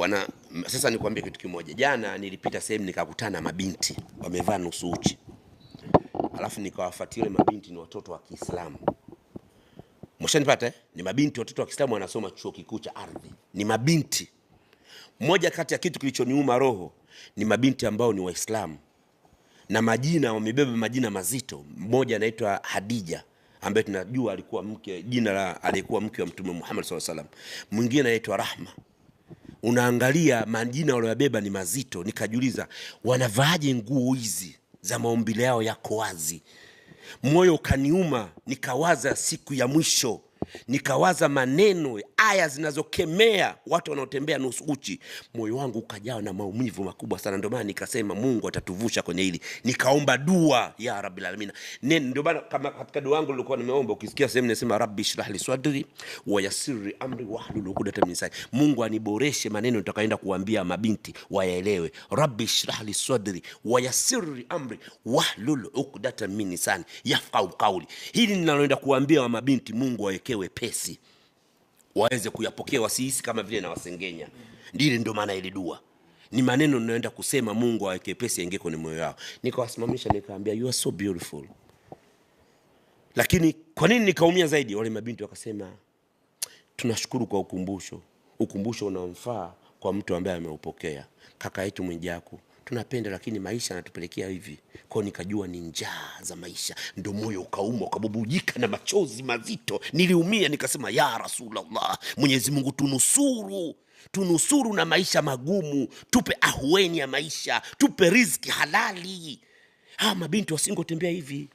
wana sasa, nikwambie kitu kimoja. Jana nilipita sehemu nikakutana na mabinti wamevaa nusu uchi, alafu nikawafuatia ile mabinti, ni watoto wa Kiislamu. Mshanipata eh? Ni mabinti watoto wa Kiislamu wanasoma chuo kikuu cha ardhi, ni mabinti. Moja kati ya kitu kilichoniuma roho ni mabinti ambao ni Waislamu na majina wamebeba majina mazito. Mmoja anaitwa Hadija ambaye tunajua alikuwa mke, jina la aliyekuwa mke wa Mtume Muhammad sallallahu alaihi wasallam. Mwingine anaitwa Rahma unaangalia majina waliyobeba ni mazito, nikajiuliza wanavaaje nguo hizi za maumbile yao yako wazi. Moyo ukaniuma, nikawaza siku ya mwisho nikawaza maneno, aya zinazokemea watu wanaotembea nusu uchi. Moyo wangu ukajawa na maumivu makubwa sana, ndio maana nikasema Mungu atatuvusha kwenye hili. Nikaomba dua ya rabbil alamin, ndio maana kama katika dua yangu nilikuwa nimeomba, ukisikia sehemu nasema rabbi shrah li sadri wa yassirli amri wahlul uqdatan min lisani, Mungu aniboreshe maneno nitakayoenda kuambia mabinti wayaelewe. Rabbi shrah li sadri wa yassirli amri wahlul uqdatan min lisani yafqahu qawli, hili ninaloenda kuambia wa mabinti Mungu aweke wapokee wepesi, waweze kuyapokea, wasihisi kama vile nawasengenya. Ndile ndo maana ile dua ni maneno ninayoenda kusema, Mungu aweke pesi aingie kwenye moyo wao. Nikawasimamisha nikaambia, you are so beautiful. Lakini kwa nini nikaumia zaidi? Wale mabinti wakasema, tunashukuru kwa ukumbusho. Ukumbusho unamfaa kwa mtu ambaye ameupokea, kaka yetu Mwijaku tunapenda, lakini maisha yanatupelekea hivi. Kwao nikajua ni njaa za maisha, ndo moyo ukauma ukabubujika na machozi mazito. Niliumia nikasema, ya rasulllah Mwenyezi Mungu tunusuru tunusuru na maisha magumu, tupe ahueni ya maisha, tupe riziki halali. Hawa ah, mabinti wasingotembea hivi,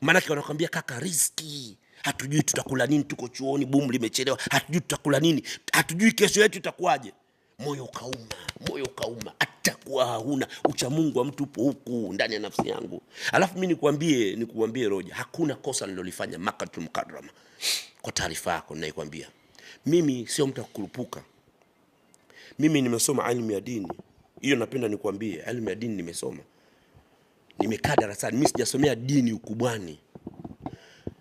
maanake wanakwambia kaka, riziki hatujui tutakula nini, tuko chuoni, bumu limechelewa, hatujui tutakula nini, hatujui kesho yetu itakuwaje. Moyo ukauma, moyo ukauma kuwa hauna uchamungu wa mtu upo huku ndani ya nafsi yangu. Alafu mi nikuambie, nikuambie Roja, hakuna kosa nilolifanya Makkatul Kwa taarifa yako naikwambia, mimi sio mtu akukurupuka. Mimi nimesoma elimu ya dini, hiyo napenda nikuambie, elimu ya dini nimesoma, nimekaa darasani. Mimi sijasomea dini ukubwani.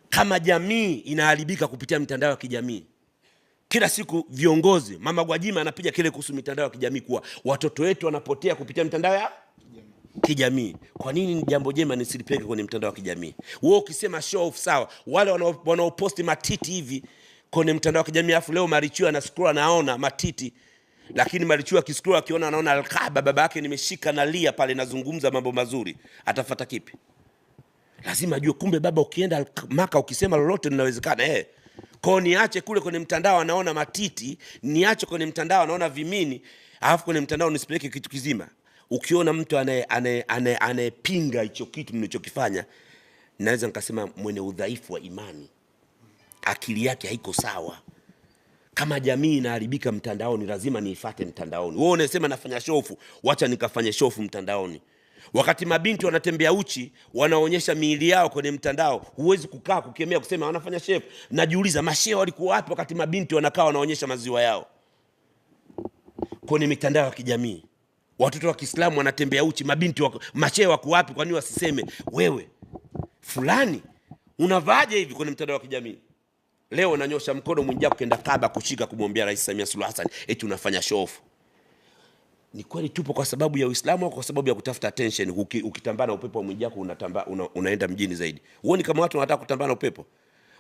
Kama jamii inaharibika kupitia mitandao ya kijamii kila siku viongozi, mama Gwajima anapiga kile kuhusu mitandao ya kijamii kuwa watoto wetu wanapotea kupitia mitandao ya kijamii. Kwa nini ni jambo jema nisilipeke kwenye mtandao wa kijamii? Wewe ukisema show off sawa, wale wanaoposti matiti hivi kwenye mtandao wa kijamii afu leo Marichu ana scroll anaona matiti lakini Marichu akiscroll akiona anaona Alkaba baba yake nimeshika na lia pale nazungumza mambo mazuri, atafata kipi? Lazima ajue kumbe baba, ukienda Maka ukisema lolote linawezekana. Eh, hey kwao, niache kule kwenye mtandao anaona matiti, niache kwenye mtandao anaona vimini, alafu kwenye mtandao nisipeleke kitu kizima. Ukiona mtu anayepinga hicho kitu mnachokifanya, naweza nikasema mwenye udhaifu wa imani, akili yake haiko sawa. Kama jamii inaharibika mtandaoni, lazima niifate mtandaoni. Wewe unasema nafanya shofu, wacha nikafanye shofu mtandaoni. Wakati mabinti wanatembea uchi, wanaonyesha miili yao kwenye mtandao, huwezi kukaa kukemea kusema wanafanya shef Najiuliza mashee walikuwa wapi wakati mabinti wanakaa wanaonyesha maziwa yao kwenye mitandao ya kijamii? Watoto wa Kiislamu wanatembea uchi, mabinti wako, mashehe wako wapi? Kwani wasiseme wewe fulani unavaaje hivi kwenye mtandao wa kijamii? Leo unanyosha mkono mwinjia kenda kaba kushika kumwombea Rais Samia Suluhu Hassan eti unafanya shofu ni kweli tupo kwa sababu ya Uislamu au kwa sababu ya kutafuta attention? ukitambana upepo wa mwijako unatamba, una, unaenda mjini zaidi. Huoni kama watu wanataka kutambana upepo?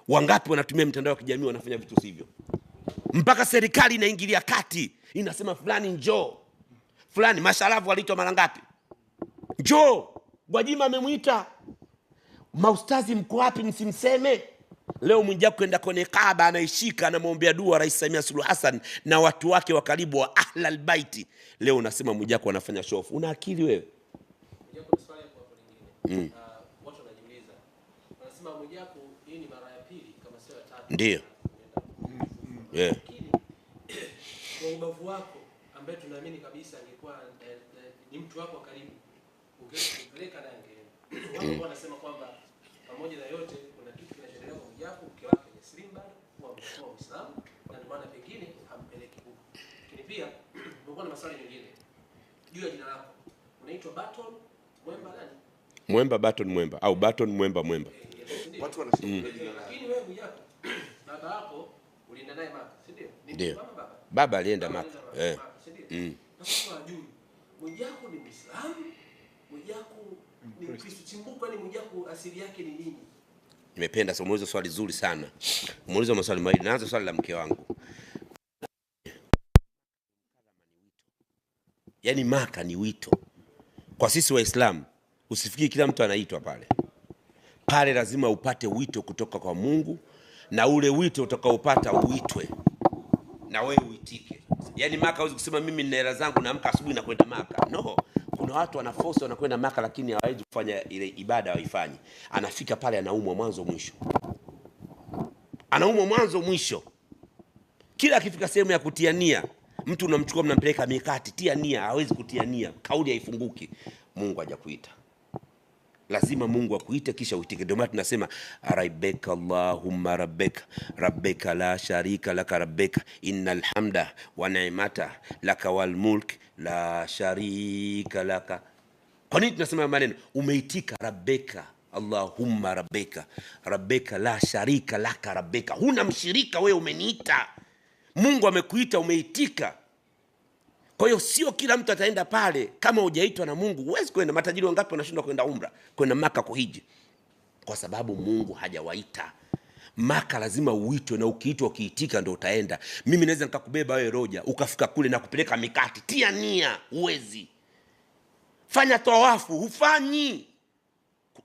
Wangapi wanatumia mtandao wa kijamii wanafanya vitu sivyo, mpaka serikali inaingilia kati, inasema fulani njoo, fulani. Masharafu aliitwa mara ngapi? Njoo. Gwajima amemwita. Maustazi mko wapi? Msimseme Leo Mwijaku kwenda kwenye Kaaba anaishika anamwombea dua Rais Samia Suluhu Hassan na watu wake wa karibu wa Ahlal Bait. Leo unasema Mwijaku anafanya show off. Una akili wewe? Mm. Ah, Ndio. Mm. Kwa ubavu wako ambaye tunaamini kabisa angekuwa eh, eh, ni mtu wako wa karibu, na mm. Wao wanasema kwamba pamoja na yote yako mke wake Nesrin bado huwa amekuwa Muislamu, na ndio maana pengine hampeleki huko. Lakini pia kumekuwa na maswali mengine juu ya jina lako, unaitwa Baton Mwemba nani? Mwemba Baton Mwemba au Baton Mwemba Mwemba. Eh, Watu wanasema mm. jina lako. Lakini wewe Mwijaku, baba yako ulienda naye Maka, si ndio? Ndio. Baba alienda Maka. Eh. Mm. Sasa wajui Mwijaku ni Muislamu, Mwijaku ni Mkristo. Chimbuko ni Mwijaku asili yake ni nini? Nimependa sasa umeuliza swali zuri sana. Umeuliza maswali mawili. Naanza swali la mke wangu. Yaani Maka ni wito. Kwa sisi Waislamu usifikiri kila mtu anaitwa pale. Pale lazima upate wito kutoka kwa Mungu na ule wito utakaopata uitwe na wewe uitike. Yaani Maka huwezi kusema mimi nina hela zangu naamka asubuhi na kwenda Maka. No kuna watu wanafosi wanakwenda Maka lakini hawawezi kufanya ile ibada waifanye. Anafika pale anaumwa mwanzo mwisho, anaumwa mwanzo mwisho. Kila akifika sehemu ya kutia nia, mtu unamchukua mnampeleka mikati, tia nia, hawezi kutia nia, kauli haifunguki. Mungu hajakuita lazima Mungu akuite kisha uitike. Ndio maana tunasema rabbeka allahumma rabbeka rabbeka la sharika laka rabbeka innal hamda wa ni'mata laka wal mulk la sharika laka. Kwa nini tunasema maneno? Umeitika rabbeka allahumma rabbeka rabbeka la sharika laka rabbeka, huna mshirika wewe, umeniita Mungu amekuita, umeitika kwa hiyo sio kila mtu ataenda pale kama hujaitwa na Mungu, huwezi kwenda. Matajiri wangapi wanashindwa kwenda umra, kwenda Maka kuhiji? Kwa sababu Mungu hajawaita. Maka lazima uitwe, na ukiitwa ukiitika ndo utaenda. Mimi naweza nikakubeba wewe Roja ukafika kule na kupeleka mikati, tia nia, uwezi fanya tawafu, hufanyi.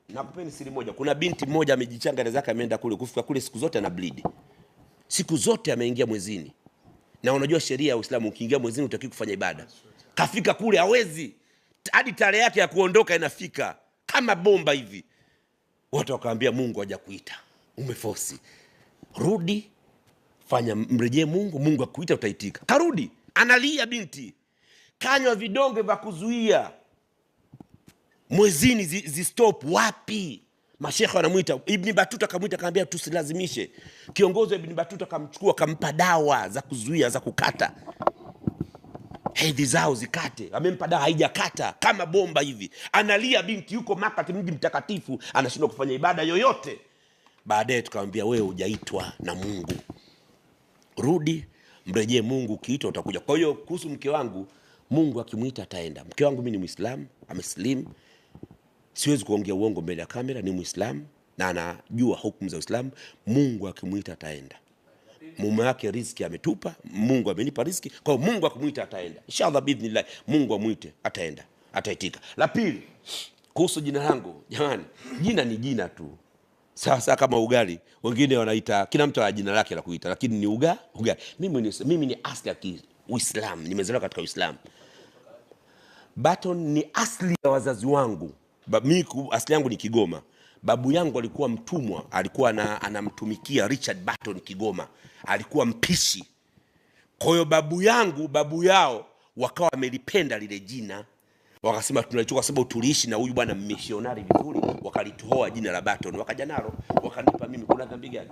Nakupeni siri moja, kuna binti mmoja amejichanga zake, ameenda kule, kufika kule siku zote ana blidi, siku zote ameingia mwezini na unajua sheria ya Uislamu, ukiingia mwezini utakiwi kufanya ibada. Kafika kule hawezi, hadi tarehe yake ya kuondoka inafika kama bomba hivi, watu wakaambia Mungu hajakuita umefosi, rudi, fanya mrejee Mungu, Mungu akuita utaitika. Karudi analia binti, kanywa vidonge vya kuzuia mwezini zistop zi wapi? Mashekhe wanamwita Ibni Batuta, akamwita akamwambia, tusilazimishe. Kiongozi wa Ibni Batuta akamchukua akampa dawa za kuzuia za kukata hedhi zao zikate, amempa dawa haijakata, kama bomba hivi. Analia binti, yuko Maka, mji mtakatifu, anashindwa kufanya ibada yoyote. Baadaye tukamwambia wewe hujaitwa na Mungu, rudi mrejee Mungu, ukiitwa utakuja. Kwa hiyo kuhusu mke wangu, Mungu akimwita ataenda. Mke wangu mi ni Mwislamu, amesilimu siwezi kuongea uongo mbele ya kamera. Ni Muislamu na anajua hukumu za Uislamu. Mungu akimwita ataenda. Mume wake riziki ametupa, Mungu amenipa riziki. Kwa hiyo Mungu akimwita ataenda, inshallah biidhnillah. Mungu amwite ataenda, ataitika. La pili, kuhusu jina langu, jamani, jina ni jina tu sasa kama ugali wengine wanaita, kila mtu ana jina lake la kuita, lakini ni uga ugali. Mimi ni, mimi ni asli ya Uislamu, nimezaliwa katika Uislamu. Baton ni asli ya wazazi wangu mimi asili yangu ni Kigoma. Babu yangu alikuwa mtumwa, alikuwa anamtumikia Richard Burton Kigoma, alikuwa mpishi. Kwa hiyo babu yangu, babu yao wakawa wamelipenda lile jina, wakasema tunalichukua, kwa sababu tuliishi na huyu bwana missionary vizuri, wakalitoa jina la Burton, wakaja nalo wakanipa mimi. Kuna dhambi gani?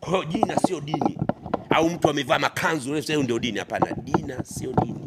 Kwa hiyo jina sio dini, au mtu amevaa makanzu ndio dini? Hapana, jina sio dini.